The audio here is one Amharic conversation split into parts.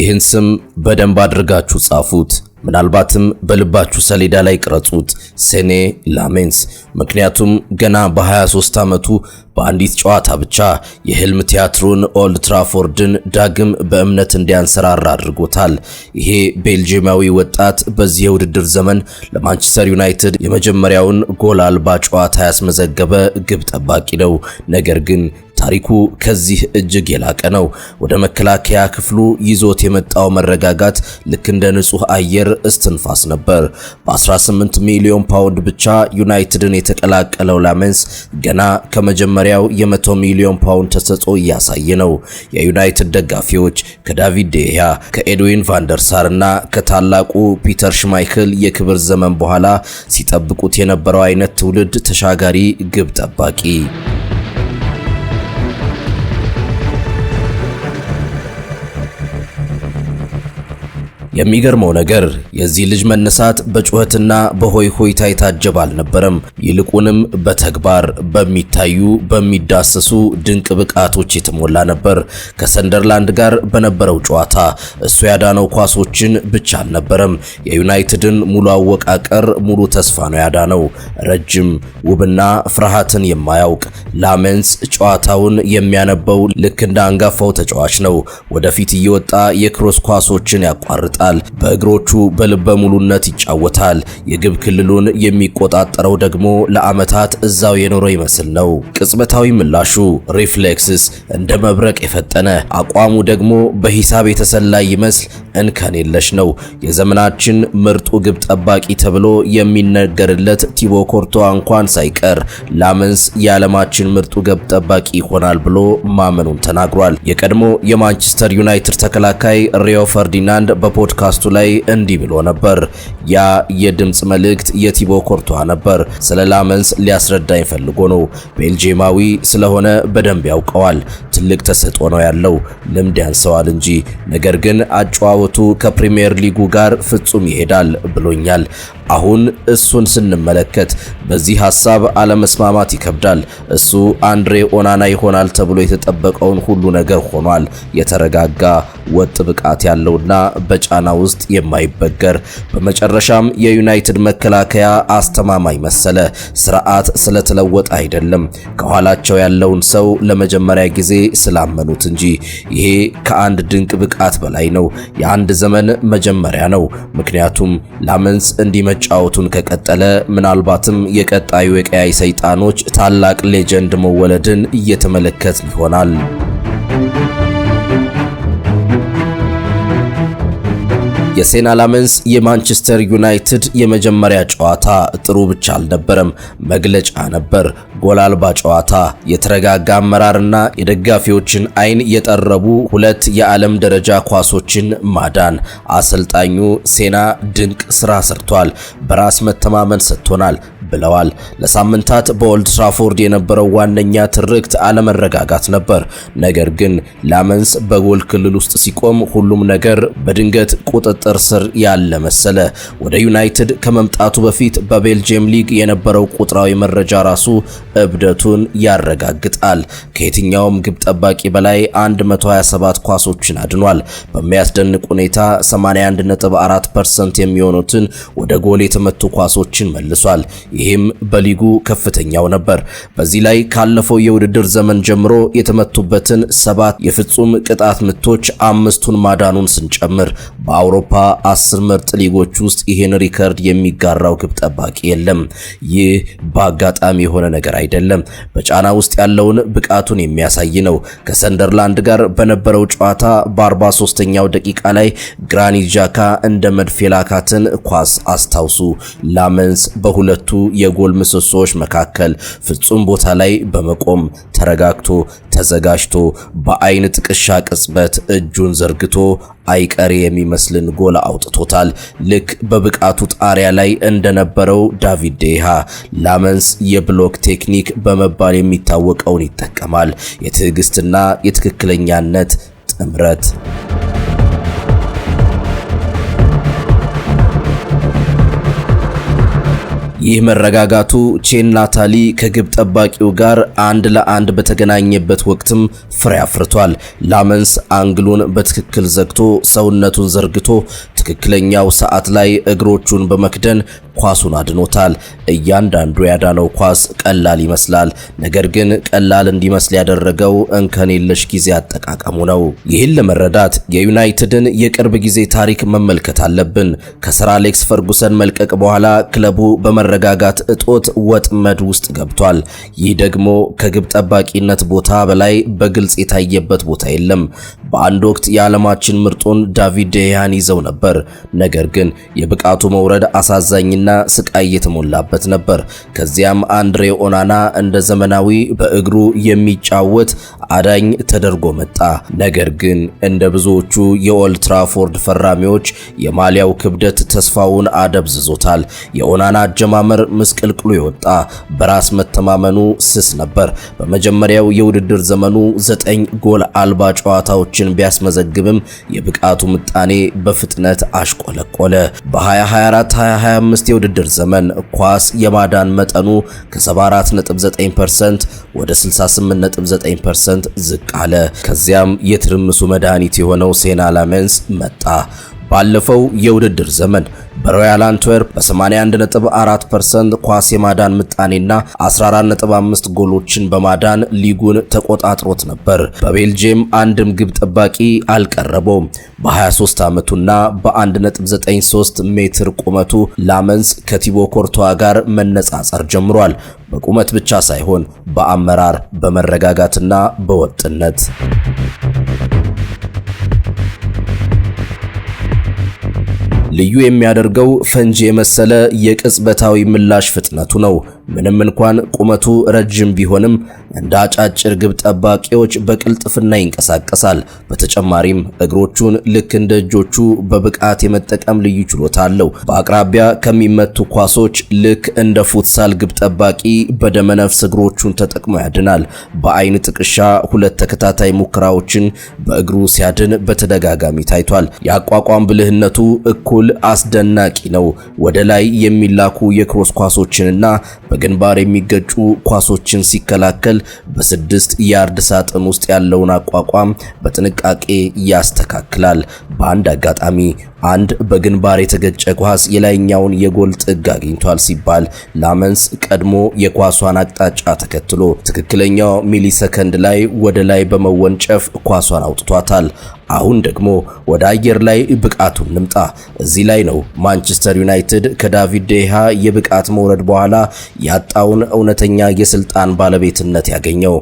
ይህን ስም በደንብ አድርጋችሁ ጻፉት። ምናልባትም በልባችሁ ሰሌዳ ላይ ቅረጹት፣ ሴኔ ላሜንስ። ምክንያቱም ገና በ23 ዓመቱ በአንዲት ጨዋታ ብቻ የህልም ቲያትሩን ኦልድ ትራፎርድን ዳግም በእምነት እንዲያንሰራራ አድርጎታል። ይሄ ቤልጂማዊ ወጣት በዚህ የውድድር ዘመን ለማንቸስተር ዩናይትድ የመጀመሪያውን ጎል አልባ ጨዋታ ያስመዘገበ ግብ ጠባቂ ነው። ነገር ግን ታሪኩ ከዚህ እጅግ የላቀ ነው። ወደ መከላከያ ክፍሉ ይዞት የመጣው መረጋጋት ልክ እንደ ንጹህ አየር እስትንፋስ ነበር። በ18 ሚሊዮን ፓውንድ ብቻ ዩናይትድን የተቀላቀለው ላመንስ ገና ከመጀመሪያው የ100 ሚሊዮን ፓውንድ ተሰጥኦ እያሳየ ነው። የዩናይትድ ደጋፊዎች ከዳቪድ ዴያ፣ ከኤድዊን ቫንደርሳር እና ከታላቁ ፒተር ሽማይክል የክብር ዘመን በኋላ ሲጠብቁት የነበረው አይነት ትውልድ ተሻጋሪ ግብ ጠባቂ የሚገርመው ነገር የዚህ ልጅ መነሳት በጩኸትና በሆይሆይታ የታጀበ አልነበረም። ይልቁንም በተግባር በሚታዩ በሚዳሰሱ ድንቅ ብቃቶች የተሞላ ነበር። ከሰንደርላንድ ጋር በነበረው ጨዋታ እሱ ያዳነው ኳሶችን ብቻ አልነበረም፣ የዩናይትድን ሙሉ አወቃቀር፣ ሙሉ ተስፋ ነው ያዳነው። ረጅም ውብና ፍርሃትን የማያውቅ ላሜንስ ጨዋታውን የሚያነበው ልክ እንደ አንጋፋው ተጫዋች ነው። ወደፊት እየወጣ የክሮስ ኳሶችን ያቋርጣል ይጫወታል። በእግሮቹ በልበ ሙሉነት ይጫወታል። የግብ ክልሉን የሚቆጣጠረው ደግሞ ለዓመታት እዛው የኖረ ይመስል ነው። ቅጽበታዊ ምላሹ ሪፍሌክስስ እንደ መብረቅ የፈጠነ አቋሙ ደግሞ በሂሳብ የተሰላ ይመስል እንከን የለሽ ነው። የዘመናችን ምርጡ ግብ ጠባቂ ተብሎ የሚነገርለት ቲቦ ኮርቶዋ እንኳን ሳይቀር ላመንስ የዓለማችን ምርጡ ግብ ጠባቂ ይሆናል ብሎ ማመኑን ተናግሯል። የቀድሞ የማንቸስተር ዩናይትድ ተከላካይ ሪዮ ፈርዲናንድ በፖድካስቱ ላይ እንዲህ ብሎ ነበር። ያ የድምፅ መልእክት የቲቦ ኮርቶዋ ነበር። ስለ ላመንስ ሊያስረዳኝ ፈልጎ ነው። ቤልጂማዊ ስለሆነ በደንብ ያውቀዋል። ትልቅ ተሰጥኦ ነው ያለው። ልምድ ያንሰዋል እንጂ ነገር ግን አጨዋወቱ ከፕሪሚየር ሊጉ ጋር ፍጹም ይሄዳል ብሎኛል። አሁን እሱን ስንመለከት በዚህ ሀሳብ አለመስማማት ይከብዳል። እሱ አንድሬ ኦናና ይሆናል ተብሎ የተጠበቀውን ሁሉ ነገር ሆኗል። የተረጋጋ ወጥ ብቃት ያለውና በጫና ውስጥ የማይበገር በመጨረሻም የዩናይትድ መከላከያ አስተማማኝ መሰለ። ስርዓት ስለተለወጠ አይደለም፣ ከኋላቸው ያለውን ሰው ለመጀመሪያ ጊዜ ስላመኑት እንጂ። ይሄ ከአንድ ድንቅ ብቃት በላይ ነው። የአንድ ዘመን መጀመሪያ ነው። ምክንያቱም ላመንስ እንዲህ መጫወቱን ከቀጠለ ምናልባትም የቀጣዩ የቀያይ ሰይጣኖች ታላቅ ሌጀንድ መወለድን እየተመለከት ይሆናል። የሴና ላመንስ የማንቸስተር ዩናይትድ የመጀመሪያ ጨዋታ ጥሩ ብቻ አልነበረም፣ መግለጫ ነበር። ጎል አልባ ጨዋታ፣ የተረጋጋ አመራርና የደጋፊዎችን አይን የጠረቡ ሁለት የዓለም ደረጃ ኳሶችን ማዳን። አሰልጣኙ ሴና ድንቅ ስራ ሰርቷል፣ በራስ መተማመን ሰጥቶናል ብለዋል። ለሳምንታት በኦልድ ትራፎርድ የነበረው ዋነኛ ትርክት አለመረጋጋት ነበር። ነገር ግን ላመንስ በጎል ክልል ውስጥ ሲቆም ሁሉም ነገር በድንገት ቁጥጥ ቁጥጥር ስር ያለ መሰለ። ወደ ዩናይትድ ከመምጣቱ በፊት በቤልጅየም ሊግ የነበረው ቁጥራዊ መረጃ ራሱ እብደቱን ያረጋግጣል። ከየትኛውም ግብ ጠባቂ በላይ 127 ኳሶችን አድኗል። በሚያስደንቅ ሁኔታ 81.4% የሚሆኑትን ወደ ጎል የተመቱ ኳሶችን መልሷል። ይህም በሊጉ ከፍተኛው ነበር። በዚህ ላይ ካለፈው የውድድር ዘመን ጀምሮ የተመቱበትን ሰባት የፍጹም ቅጣት ምቶች አምስቱን ማዳኑን ስንጨምር በአውሮፓ በአውሮፓ አስር ምርጥ ሊጎች ውስጥ ይህን ሪከርድ የሚጋራው ግብ ጠባቂ የለም። ይህ በአጋጣሚ የሆነ ነገር አይደለም። በጫና ውስጥ ያለውን ብቃቱን የሚያሳይ ነው። ከሰንደርላንድ ጋር በነበረው ጨዋታ በ43ኛው ደቂቃ ላይ ግራኒት ዣካ እንደ መድፍ የላካትን ኳስ አስታውሱ። ላመንስ በሁለቱ የጎል ምሰሶዎች መካከል ፍጹም ቦታ ላይ በመቆም ተረጋግቶ ተዘጋጅቶ በአይን ጥቅሻ ቅጽበት እጁን ዘርግቶ አይቀሬ የሚመስልን ጎል አውጥቶታል። ልክ በብቃቱ ጣሪያ ላይ እንደነበረው ዳቪድ ዴሃ ላመንስ የብሎክ ቴክኒክ በመባል የሚታወቀውን ይጠቀማል። የትዕግስትና የትክክለኛነት ጥምረት ይህ መረጋጋቱ ቼን ላታሊ ከግብ ጠባቂው ጋር አንድ ለአንድ በተገናኘበት ወቅትም ፍሬ አፍርቷል። ላመንስ አንግሉን በትክክል ዘግቶ ሰውነቱን ዘርግቶ ትክክለኛው ሰዓት ላይ እግሮቹን በመክደን ኳሱን አድኖታል። እያንዳንዱ ያዳነው ኳስ ቀላል ይመስላል። ነገር ግን ቀላል እንዲመስል ያደረገው እንከን የለሽ ጊዜ አጠቃቀሙ ነው። ይህን ለመረዳት የዩናይትድን የቅርብ ጊዜ ታሪክ መመልከት አለብን። ከሰር አሌክስ ፈርጉሰን መልቀቅ በኋላ ክለቡ በመረጋጋት እጦት ወጥመድ ውስጥ ገብቷል። ይህ ደግሞ ከግብ ጠባቂነት ቦታ በላይ በግልጽ የታየበት ቦታ የለም። በአንድ ወቅት የዓለማችን ምርጡን ዳቪድ ደሃን ይዘው ነበር። ነገር ግን የብቃቱ መውረድ አሳዛኝና ስቃይ የተሞላበት ነበር። ከዚያም አንድሬ ኦናና እንደ ዘመናዊ በእግሩ የሚጫወት አዳኝ ተደርጎ መጣ። ነገር ግን እንደ ብዙዎቹ የኦልትራፎርድ ፈራሚዎች የማሊያው ክብደት ተስፋውን አደብዝዞታል። የኦናና አጀማመር ምስቅልቅሉ የወጣ በራስ መተማመኑ ስስ ነበር። በመጀመሪያው የውድድር ዘመኑ ዘጠኝ ጎል አልባ ጨዋታዎች ውጤቶችን ቢያስመዘግብም የብቃቱ ምጣኔ በፍጥነት አሽቆለቆለ። በ2024-2025 የውድድር ዘመን ኳስ የማዳን መጠኑ ከ74.9% ወደ 68.9% ዝቅ አለ። ከዚያም የትርምሱ መድኃኒት የሆነው ሴና ላሜንስ መጣ። ባለፈው የውድድር ዘመን በሮያል አንትወርፕ በ81.4% ኳስ የማዳን ምጣኔና 14.5 ጎሎችን በማዳን ሊጉን ተቆጣጥሮት ነበር። በቤልጅየም አንድም ግብ ጠባቂ አልቀረበውም። በ23 ዓመቱና በ1.93 ሜትር ቁመቱ ላመንስ ከቲቦ ኮርቷ ጋር መነጻጸር ጀምሯል። በቁመት ብቻ ሳይሆን በአመራር በመረጋጋትና በወጥነት ልዩ የሚያደርገው ፈንጂ የመሰለ የቅጽበታዊ ምላሽ ፍጥነቱ ነው። ምንም እንኳን ቁመቱ ረጅም ቢሆንም እንደ አጫጭር ግብ ጠባቂዎች በቅልጥፍና ይንቀሳቀሳል። በተጨማሪም እግሮቹን ልክ እንደ እጆቹ በብቃት የመጠቀም ልዩ ችሎታ አለው። በአቅራቢያ ከሚመቱ ኳሶች ልክ እንደ ፉትሳል ግብ ጠባቂ በደመነፍስ እግሮቹን ተጠቅሞ ያድናል። በአይን ጥቅሻ ሁለት ተከታታይ ሙከራዎችን በእግሩ ሲያድን በተደጋጋሚ ታይቷል። የአቋቋም ብልህነቱ እኩል አስደናቂ ነው። ወደ ላይ የሚላኩ የክሮስ ኳሶችንና በግንባር የሚገጩ ኳሶችን ሲከላከል በስድስት ያርድ ሳጥን ውስጥ ያለውን አቋቋም በጥንቃቄ ያስተካክላል። በአንድ አጋጣሚ አንድ በግንባር የተገጨ ኳስ የላይኛውን የጎል ጥግ አግኝቷል ሲባል ላመንስ ቀድሞ የኳሷን አቅጣጫ ተከትሎ ትክክለኛው ሚሊሰከንድ ላይ ወደ ላይ በመወንጨፍ ኳሷን አውጥቷታል። አሁን ደግሞ ወደ አየር ላይ ብቃቱን ንምጣ። እዚህ ላይ ነው ማንቸስተር ዩናይትድ ከዳቪድ ዴሃ የብቃት መውረድ በኋላ ያጣውን እውነተኛ የስልጣን ባለቤትነት ያገኘው።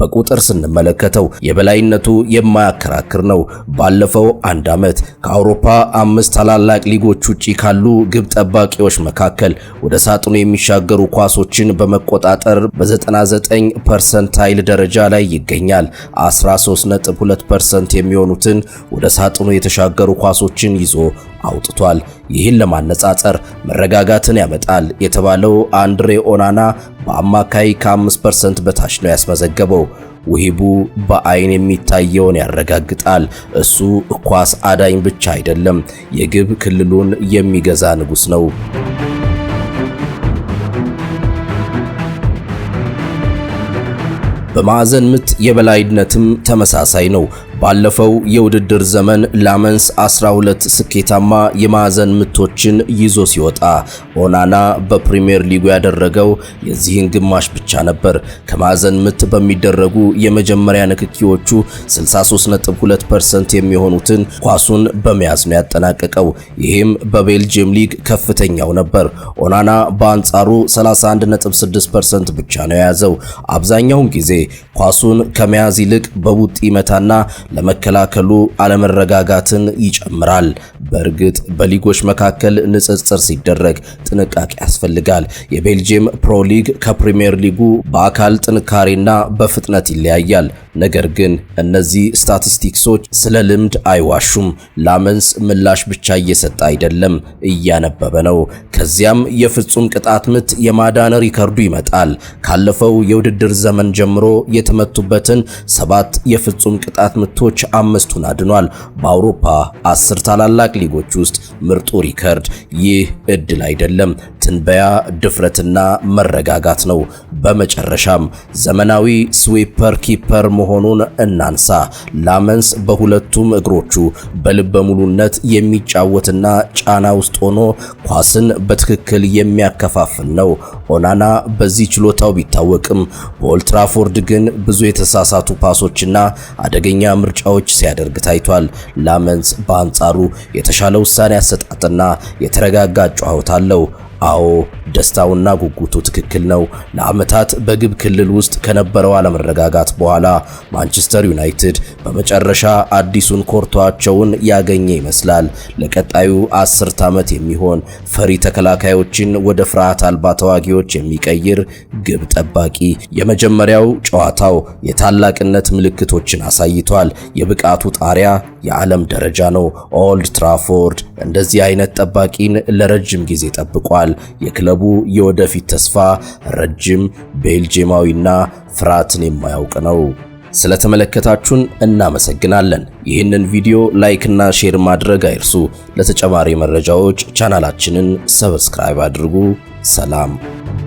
በቁጥር ስንመለከተው የበላይነቱ የማያከራክር ነው። ባለፈው አንድ ዓመት ከአውሮፓ ከአምስት ታላላቅ ሊጎች ውጪ ካሉ ግብ ጠባቂዎች መካከል ወደ ሳጥኑ የሚሻገሩ ኳሶችን በመቆጣጠር በ99 ፐርሰንታይል ደረጃ ላይ ይገኛል። 13.2 የሚሆኑትን ወደ ሳጥኑ የተሻገሩ ኳሶችን ይዞ አውጥቷል። ይህን ለማነጻጸር መረጋጋትን ያመጣል የተባለው አንድሬ ኦናና በአማካይ ከ5 በታች ነው ያስመዘገበው። ውሂቡ በአይን የሚታየውን ያረጋግጣል። እሱ ኳስ አዳኝ ብቻ አይደለም፣ የግብ ክልሉን የሚገዛ ንጉሥ ነው። በማዕዘን ምት የበላይነትም ተመሳሳይ ነው። ባለፈው የውድድር ዘመን ላመንስ 12 ስኬታማ የማዕዘን ምቶችን ይዞ ሲወጣ ኦናና በፕሪምየር ሊጉ ያደረገው የዚህን ግማሽ ብቻ ነበር። ከማዕዘን ምት በሚደረጉ የመጀመሪያ ንክኪዎቹ 63.2% የሚሆኑትን ኳሱን በመያዝ ነው ያጠናቀቀው። ይህም በቤልጅየም ሊግ ከፍተኛው ነበር። ኦናና በአንጻሩ 31.6% ብቻ ነው የያዘው። አብዛኛውን ጊዜ ኳሱን ከመያዝ ይልቅ በቡጥ ይመታና ለመከላከሉ አለመረጋጋትን ይጨምራል። በእርግጥ በሊጎች መካከል ንጽጽር ሲደረግ ጥንቃቄ ያስፈልጋል። የቤልጅየም ፕሮ ሊግ ከፕሪምየር ሊጉ በአካል ጥንካሬና በፍጥነት ይለያያል። ነገር ግን እነዚህ ስታቲስቲክሶች ስለ ልምድ አይዋሹም። ላመንስ ምላሽ ብቻ እየሰጠ አይደለም፣ እያነበበ ነው። ከዚያም የፍጹም ቅጣት ምት የማዳን ሪከርዱ ይመጣል። ካለፈው የውድድር ዘመን ጀምሮ የተመቱበትን ሰባት የፍጹም ቅጣት ምቶች አምስቱን አድኗል። በአውሮፓ አስር ታላላቅ ሊጎች ውስጥ ምርጡ ሪከርድ። ይህ እድል አይደለም፣ ትንበያ፣ ድፍረትና መረጋጋት ነው። በመጨረሻም ዘመናዊ ስዊፐር ኪፐር መሆኑን እናንሳ። ላመንስ በሁለቱም እግሮቹ በልበ ሙሉነት የሚጫወትና ጫና ውስጥ ሆኖ ኳስን በትክክል የሚያከፋፍል ነው። ኦናና በዚህ ችሎታው ቢታወቅም በኦልትራፎርድ ግን ብዙ የተሳሳቱ ፓሶችና አደገኛ ምርጫዎች ሲያደርግ ታይቷል። ላመንስ በአንጻሩ የተሻለ ውሳኔ አሰጣጥና የተረጋጋ ጨዋታ አለው። አዎ ደስታውና ጉጉቱ ትክክል ነው። ለዓመታት በግብ ክልል ውስጥ ከነበረው አለመረጋጋት በኋላ ማንቸስተር ዩናይትድ በመጨረሻ አዲሱን ኮርቷቸውን ያገኘ ይመስላል። ለቀጣዩ አስርት ዓመት የሚሆን ፈሪ ተከላካዮችን ወደ ፍርሃት አልባ ተዋጊዎች የሚቀይር ግብ ጠባቂ። የመጀመሪያው ጨዋታው የታላቅነት ምልክቶችን አሳይቷል። የብቃቱ ጣሪያ የዓለም ደረጃ ነው። ኦልድ ትራፎርድ እንደዚህ አይነት ጠባቂን ለረጅም ጊዜ ጠብቋል። ይገኛል። የክለቡ የወደፊት ተስፋ ረጅም ቤልጅማዊና ፍርሃትን የማያውቅ ነው። ስለተመለከታችሁን እናመሰግናለን። ይህንን ቪዲዮ ላይክ እና ሼር ማድረግ አይርሱ። ለተጨማሪ መረጃዎች ቻናላችንን ሰብስክራይብ አድርጉ። ሰላም